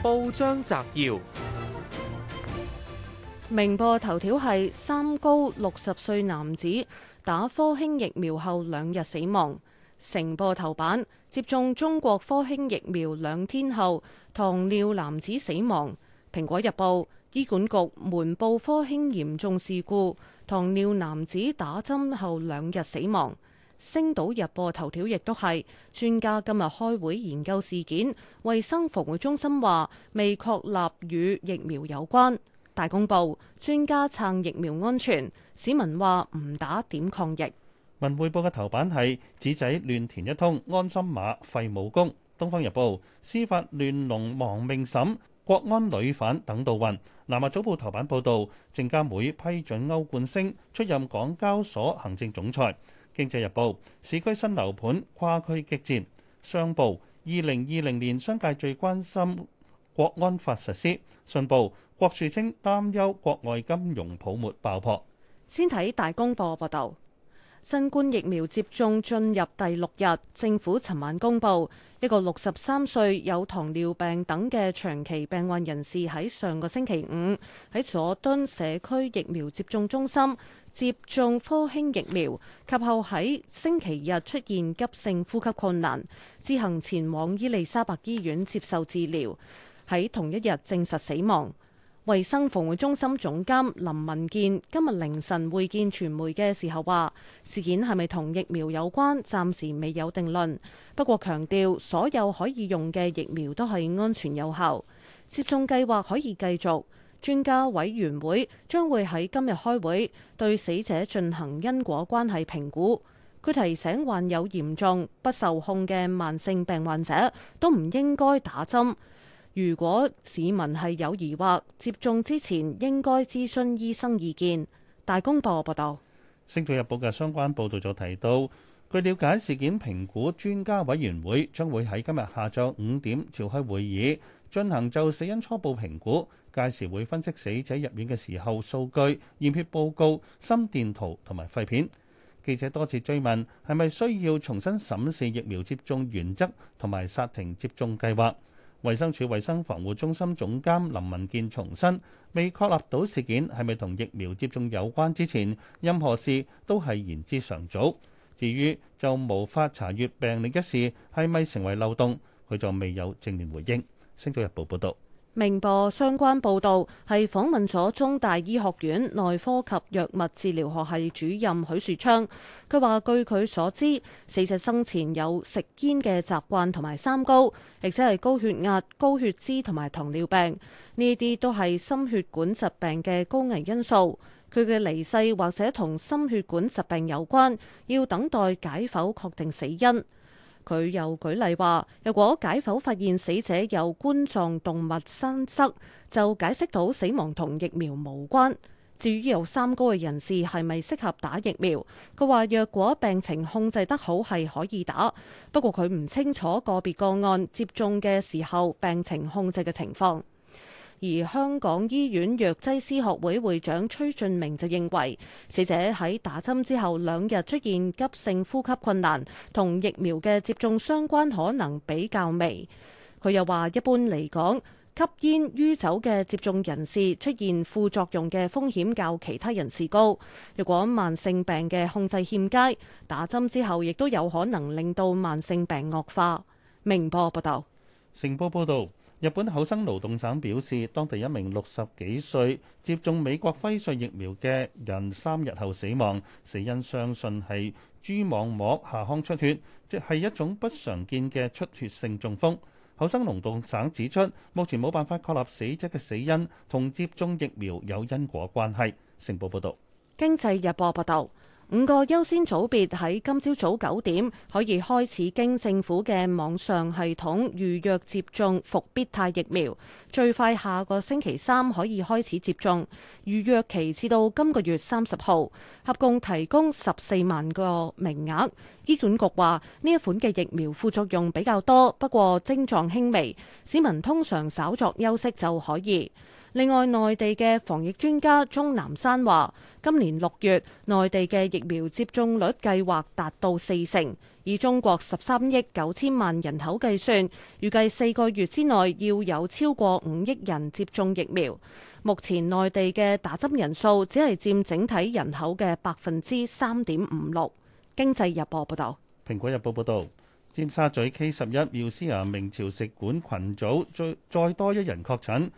報章摘要：明報頭條係三高六十歲男子打科興疫苗後兩日死亡；成報頭版，接種中國科興疫苗兩天後，糖尿男子死亡。蘋果日報，醫管局瞞報科興嚴重事故，糖尿男子打針後兩日死亡。星島日報頭條亦都係專家今日開會研究事件，衛生防護中心話未確立與疫苗有關。大公報專家撐疫苗安全，市民話唔打點抗疫。文匯報嘅頭版係紙仔亂填一通，安心碼廢武功。東方日報司法亂龍亡命審，國安女犯等到運。南華早報頭版報道，證監會批准歐冠星出任港交所行政總裁。經濟日報：市區新樓盤跨區激戰。商報：二零二零年商界最關心國安法實施。信報：郭樹清擔憂國外金融泡沫爆破。先睇大公報報道。新冠疫苗接種進入第六日，政府尋晚公布一個六十三歲有糖尿病等嘅長期病患人士喺上個星期五喺佐敦社區疫苗接種中心接種科興疫苗，及後喺星期日出現急性呼吸困難，自行前往伊利沙伯醫院接受治療，喺同一日證實死亡。衛生防護中心總監林文健今日凌晨會見傳媒嘅時候話，事件係咪同疫苗有關，暫時未有定論。不過強調，所有可以用嘅疫苗都係安全有效，接種計劃可以繼續。專家委員會將會喺今日開會，對死者進行因果關係評估。佢提醒患有嚴重、不受控嘅慢性病患者都唔應該打針。如果市民係有疑惑，接種之前應該諮詢醫生意見。大公報報道，《星島日報》嘅相關報導就提到，據了解，事件評估專家委員會將會喺今日下晝五點召開會議，進行就死因初步評估，屆時會分析死者入院嘅時候數據、驗血報告、心電圖同埋肺片。記者多次追問，係咪需要重新審視疫苗接種原則同埋煞停接種計劃？衛生署衛生防護中心總監林文健重申，未確立到事件係咪同疫苗接種有關之前，任何事都係言之尚早。至於就無法查閲病歷一事，係咪成為漏洞，佢就未有正面回應。星島日報報道。明報相關報導係訪問咗中大醫學院內科及藥物治療學系主任許樹昌，佢話據佢所知，死者生前有食煙嘅習慣同埋三高，亦即係高血壓、高血脂同埋糖尿病，呢啲都係心血管疾病嘅高危因素。佢嘅離世或者同心血管疾病有關，要等待解剖確定死因。佢又舉例話：若果解剖發現死者有冠狀動脈栓塞，就解釋到死亡同疫苗無關。至於有三高嘅人士係咪適合打疫苗，佢話若果病情控制得好係可以打，不過佢唔清楚個別個案接種嘅時候病情控制嘅情況。而香港醫院藥劑師學會會長崔俊明就認為，死者喺打針之後兩日出現急性呼吸困難，同疫苗嘅接種相關可能比較微。佢又話，一般嚟講，吸煙、酗酒嘅接種人士出現副作用嘅風險較其他人士高。如果慢性病嘅控制欠佳，打針之後亦都有可能令到慢性病惡化。明報報道，成波報道。日本厚生勞動省表示，當地一名六十幾歲接種美國輝瑞疫苗嘅人三日後死亡，死因相信係蛛網膜下腔出血，即係一種不常見嘅出血性中風。厚生勞動省指出，目前冇辦法確立死者嘅死因同接種疫苗有因果關係。成報報道。經濟日報報道。五個優先組別喺今朝早九點可以開始經政府嘅網上系統預約接種復必泰疫苗，最快下個星期三可以開始接種。預約期至到今個月三十號，合共提供十四萬個名額。醫管局話呢一款嘅疫苗副作用比較多，不過症狀輕微，市民通常稍作休息就可以。另外，內地嘅防疫專家鍾南山話：今年六月，內地嘅疫苗接種率計劃達到四成。以中國十三億九千萬人口計算，預計四個月之內要有超過五億人接種疫苗。目前內地嘅打針人數只係佔整體人口嘅百分之三點五六。經濟日報報道。蘋果日報報道，尖沙咀 K 十一 MUSEA 名潮食館群組再再多一人確診。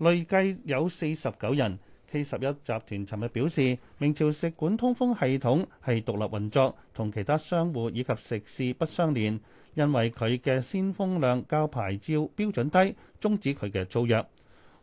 累計有四十九人。K 十一集團尋日表示，明朝食管通風系統係獨立運作，同其他商戶以及食肆不相連，因為佢嘅鮮風量較牌照標準低，終止佢嘅租約。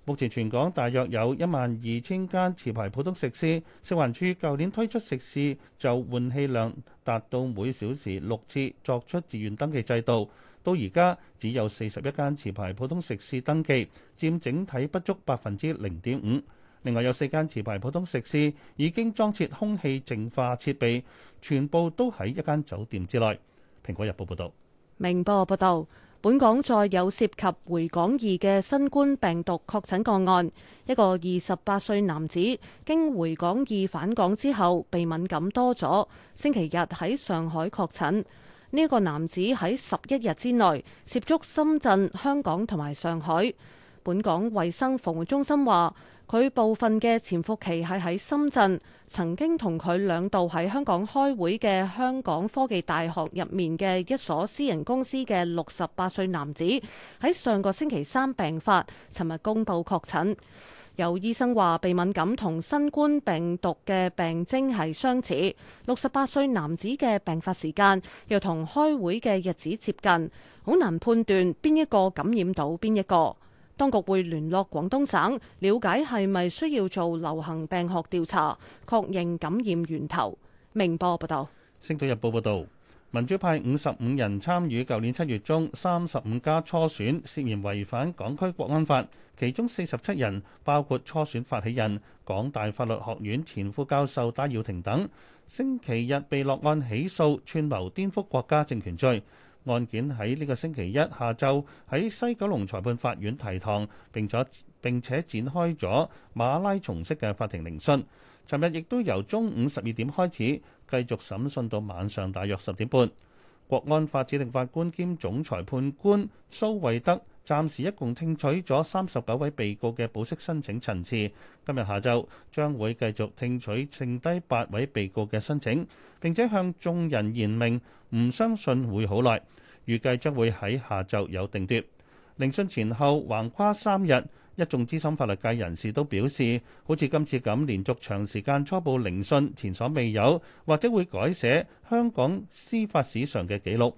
目前全港大約有一萬二千間持牌普通食肆，食環署舊年推出食肆就換氣量達到每小時六次作出自願登記制度。到而家只有四十一間持牌普通食肆登記，佔整體不足百分之零點五。另外有四間持牌普通食肆已經裝設空氣淨化設備，全部都喺一間酒店之內。《蘋果日報》報道：「明報報道，本港再有涉及回港易嘅新冠病毒確診個案，一個二十八歲男子經回港易返港之後，鼻敏感多咗，星期日喺上海確診。呢個男子喺十一日之內涉足深圳、香港同埋上海。本港衛生防護中心話，佢部分嘅潛伏期係喺深圳，曾經同佢兩度喺香港開會嘅香港科技大學入面嘅一所私人公司嘅六十八歲男子喺上個星期三病發，尋日公布確診。有醫生話，鼻敏感同新冠病毒嘅病徵係相似。六十八歲男子嘅病發時間又同開會嘅日子接近，好難判斷邊一個感染到邊一個。當局會聯絡廣東省，了解係咪需要做流行病學調查，確認感染源頭。明報報導，《星島日報》報導。民主派五十五人參與舊年七月中三十五家初選，涉嫌違反港區國安法，其中四十七人，包括初選發起人、港大法律學院前副教授戴耀廷等，星期日被落案起訴串謀顛覆國家政權罪。案件喺呢個星期一下晝喺西九龍裁判法院提堂，並且並且展開咗馬拉松式嘅法庭聆訊。尋日亦都由中午十二點開始，繼續審訊到晚上大約十點半。國安法指定法官兼總裁判官蘇惠德，暫時一共聽取咗三十九位被告嘅保釋申請陳詞。今日下晝將會繼續聽取剩低八位被告嘅申請，並且向眾人言明唔相信會好耐，預計將會喺下晝有定奪。聆訊前後橫跨三日。一眾資深法律界人士都表示，好似今次咁連續長時間初步聆訊，前所未有，或者會改寫香港司法史上嘅記錄。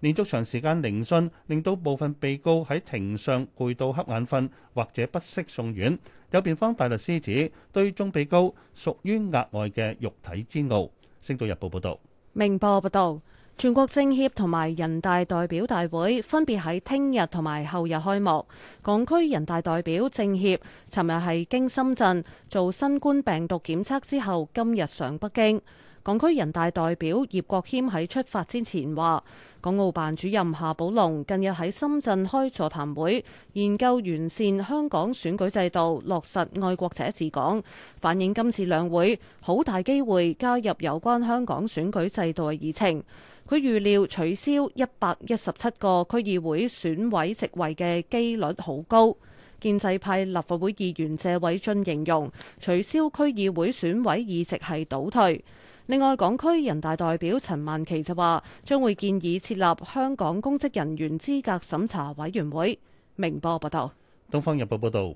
連續長時間聆訊，令到部分被告喺庭上攰到瞌眼瞓，或者不適送院。有辯方大律師指，對眾被告屬於額外嘅肉體煎熬。星島日報報道。明報報導。全國政協同埋人大代表大會分別喺聽日同埋後日開幕。港區人大代表政協尋日係經深圳做新冠病毒檢測之後，今日上北京。港區人大代表葉國謙喺出發之前話：港澳辦主任夏寶龍近日喺深圳開座談會，研究完善香港選舉制度，落實愛國者治港。反映今次兩會好大機會加入有關香港選舉制度嘅議程。佢預料取消一百一十七個區議會選委席，席位嘅機率好高。建制派立法會議員謝偉俊形容取消區議會選委議席係倒退。另外，港區人大代表陳萬琪就話將會建議設立香港公職人員資格審查委員會。明報報，報道，《東方日報》報道，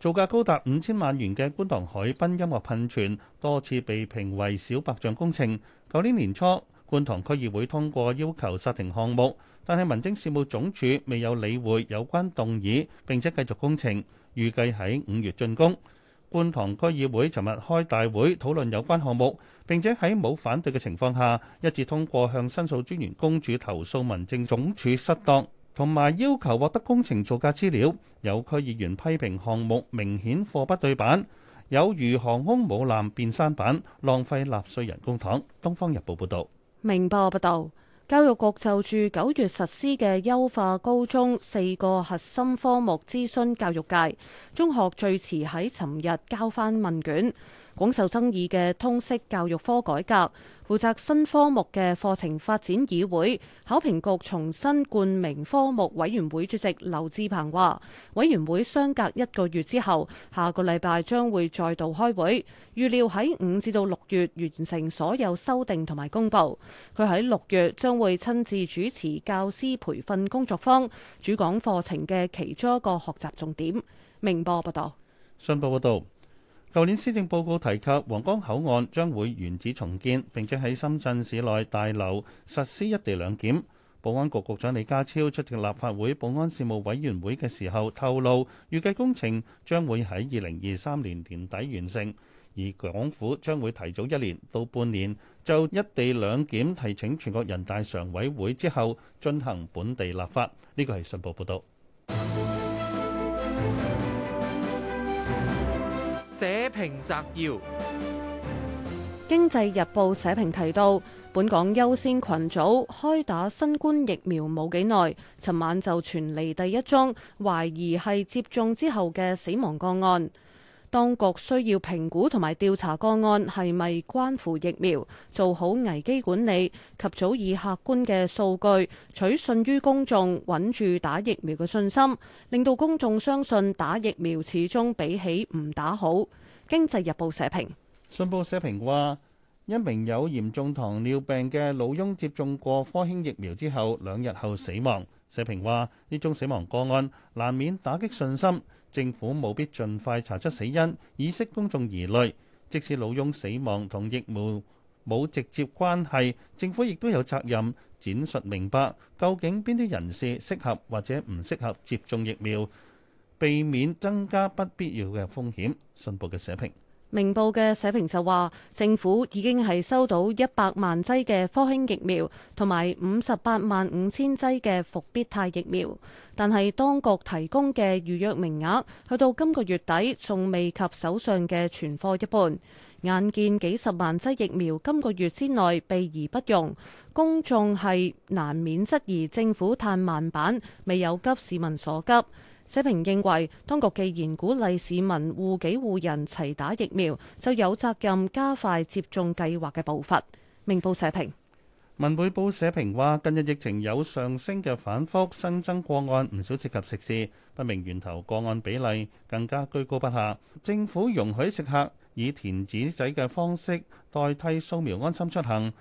造價高達五千萬元嘅觀塘海濱音樂噴泉多次被評為小白象工程。舊年年初，觀塘區議會通過要求殺停項目，但係民政事務總署未有理會有關動議，並且繼續工程，預計喺五月竣工。觀塘區議會尋日開大會討論有關項目，並且喺冇反對嘅情況下，一致通過向申訴專員公署投訴民政總署失當，同埋要求獲得工程造價資料。有區議員批評項目明顯貨不對板，有如航空母艦變舢板，浪費納稅人公帑。《東方日報》報道。明報報道，教育局就住九月實施嘅優化高中四個核心科目諮詢教育界，中學最遲喺尋日交翻問卷。廣受爭議嘅通識教育科改革，負責新科目嘅課程發展議會考評局重新冠名科目委員會主席劉志鵬話，委員會相隔一個月之後，下個禮拜將會再度開會，預料喺五至到六月完成所有修訂同埋公布。佢喺六月將會親自主持教師培訓工作坊，主講課程嘅其中一個學習重點。明報報道。信報報道。舊年施政報告提及皇崗口岸將會原址重建，並且喺深圳市內大樓實施一地兩檢。保安局局長李家超出席立法會保安事務委員會嘅時候透露，預計工程將會喺二零二三年年底完成，而港府將會提早一年到半年就一地兩檢提請全國人大常委會之後進行本地立法。呢個係信報報導。社評摘要：《經濟日報》社評提到，本港優先群組開打新冠疫苗冇幾耐，尋晚就傳嚟第一宗懷疑係接種之後嘅死亡個案。當局需要評估同埋調查個案係咪關乎疫苗，做好危機管理，及早以客觀嘅數據取信於公眾，穩住打疫苗嘅信心，令到公眾相信打疫苗始終比起唔打好。經濟日報社評。信報社評話一名有嚴重糖尿病嘅老翁接種過科興疫苗之後，兩日後死亡。社評話：呢宗死亡個案難免打擊信心，政府務必盡快查出死因，以釋公眾疑慮。即使老翁死亡同疫苗冇直接關係，政府亦都有責任展述明白，究竟邊啲人士適合或者唔適合接種疫苗，避免增加不必要嘅風險。信報嘅社評。明報嘅社評就話，政府已經係收到一百萬劑嘅科興疫苗同埋五十八萬五千劑嘅復必泰疫苗，但係當局提供嘅預約名額，去到今個月底仲未及手上嘅存貨一半，眼見幾十萬劑疫苗今個月之內備而不用，公眾係難免質疑政府嘆慢板，未有急市民所急。社評認為，當局既然鼓勵市民護己護人齊打疫苗，就有責任加快接種計劃嘅步伐。明報社評。文匯報社評話：近日疫情有上升嘅反覆，新增個案唔少涉及食肆，不明源頭個案比例更加居高不下。政府容許食客以填紙仔嘅方式代替掃描安心出行。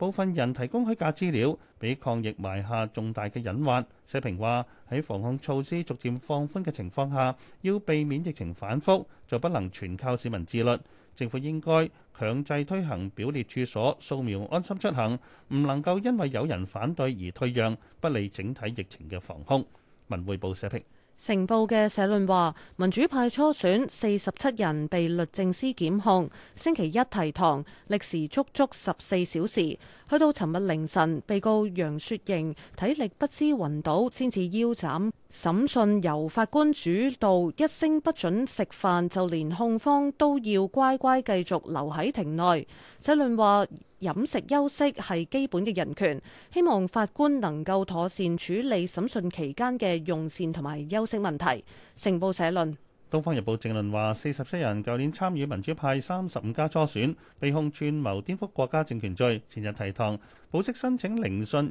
部分人提供虛假資料，俾抗疫埋下重大嘅隱患。社評話：喺防控措施逐漸放寬嘅情況下，要避免疫情反覆，就不能全靠市民自律。政府應該強制推行表列處所掃描安心出行，唔能夠因為有人反對而退讓，不利整體疫情嘅防控。文匯報社評。成報嘅社論話：民主派初選四十七人被律政司檢控，星期一提堂，歷時足足十四小時。去到尋日凌晨，被告楊雪盈體力不支暈倒，先至腰斬。審訊由法官主導，一聲不准食飯，就連控方都要乖乖繼續留喺庭內。社論話。飲食休息係基本嘅人權，希望法官能夠妥善處理審訊期間嘅用膳同埋休息問題。成報社論。《東方日報》正論話：四十七人舊年參與民主派三十五家初選，被控串謀顛覆國家政權罪。前日提堂，保釋申請聆訊，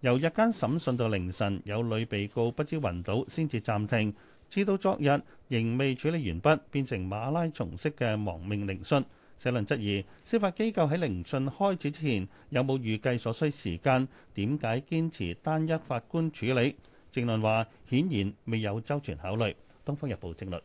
由日間審訊到凌晨，有女被告不知暈倒，先至暫停，至到昨日仍未處理完畢，變成馬拉松式嘅亡命聆訊。社論質疑司法機構喺聆訊開始前有冇預計所需時間？點解堅持單一法官處理？正論話顯然未有周全考慮。《東方日報》正論。